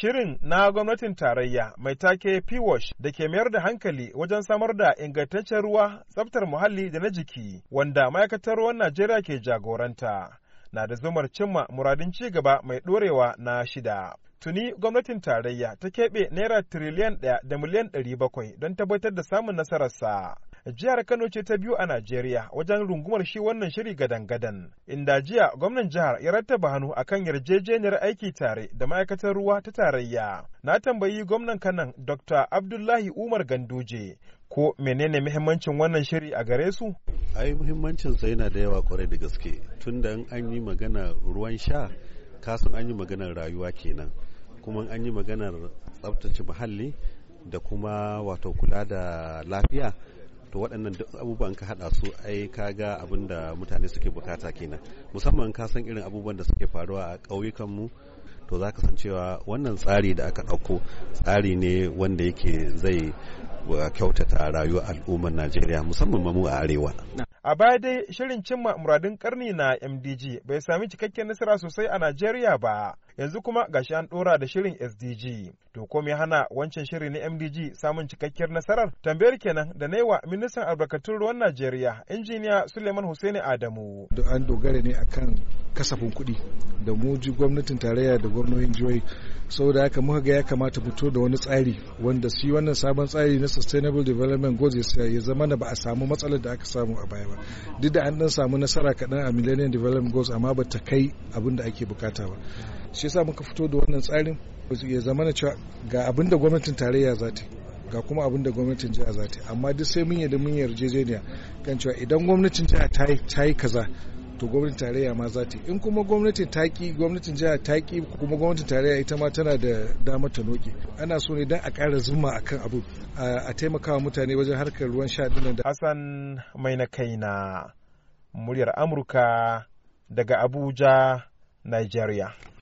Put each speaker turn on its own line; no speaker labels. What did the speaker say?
Shirin na gwamnatin tarayya mai take p da ke mayar da hankali wajen samar da ingantaccen ruwa, tsaftar muhalli da na jiki, wanda ma'aikatar ruwan Najeriya ke jagoranta, na da zumar cimma muradin ci gaba mai ɗorewa na shida. Tuni gwamnatin tarayya ta keɓe naira tiriliyan ɗaya da miliyan ɗari bakwai don tabbatar da samun nasararsa. jihar Kano ce ta biyu a Najeriya wajen rungumar shi wannan shiri gadan-gadan. Inda jiya gwamnan jihar ya rattaba hannu akan yarjejeniyar aiki tare da ma'aikatar ruwa ta tarayya. Na tambayi gwamnan Kanan Dr. Abdullahi Umar Ganduje ko menene muhimmancin wannan shiri a gare su?
Ai muhimmancin sa yana da yawa kwarai da gaske tunda in an yi magana ruwan sha kasan an yi maganar rayuwa kenan kuma an yi maganar tsabtace muhalli da kuma wato kula da lafiya to waɗannan duk abubuwan ka haɗa su ai ka ga abin da mutane suke bukata kenan musamman ka san irin abubuwan da suke faruwa a ƙauyukanmu to za ka san cewa wannan tsari da aka ɗauko tsari ne wanda yake zai kyautata rayuwar al'ummar Najeriya musamman mu a arewa.
A baya dai shirin cimma muradun karni na MDG bai sami cikakken nasara sosai a Najeriya ba. Yanzu kuma gashi an dora da shirin SDG. To ko me hana wancan shiri na MDG samun cikakkiyar nasarar? Tambayar kenan da na wa ministan albarkatun ruwan Najeriya,
injiniya Suleiman Hussaini Adamu. An dogara ne akan kasafin kuɗi da mu gwamnatin tarayya da gwamnonin jihohi saboda haka muka ga ya kamata fito da wani tsari wanda shi wannan sabon tsari na sustainable development goals ya zama na ba a samu matsalar da aka samu a baya ba duk da an dan samu nasara kaɗan a millennium development goals amma ba ta kai abin da ake bukata ba shi yasa muka fito da wannan tsarin ya zama na cewa ga abin da gwamnatin tarayya za ta ga kuma abin da gwamnatin jiha za ta amma duk sai mun yarda mun yarjejeniya kan cewa idan gwamnatin jiha ta yi kaza to gwamnatin tarayya ma za ta in kuma gwamnatin taki gwamnatin jiha taki kuma gwamnatin tarayya ita ma tana da damar ta noke ana so ne dan a ƙara zuma akan abu a taimaka mutane wajen harkar ruwan sha dinnan da Hassan mai na kai na muryar Amurka
daga Abuja Nigeria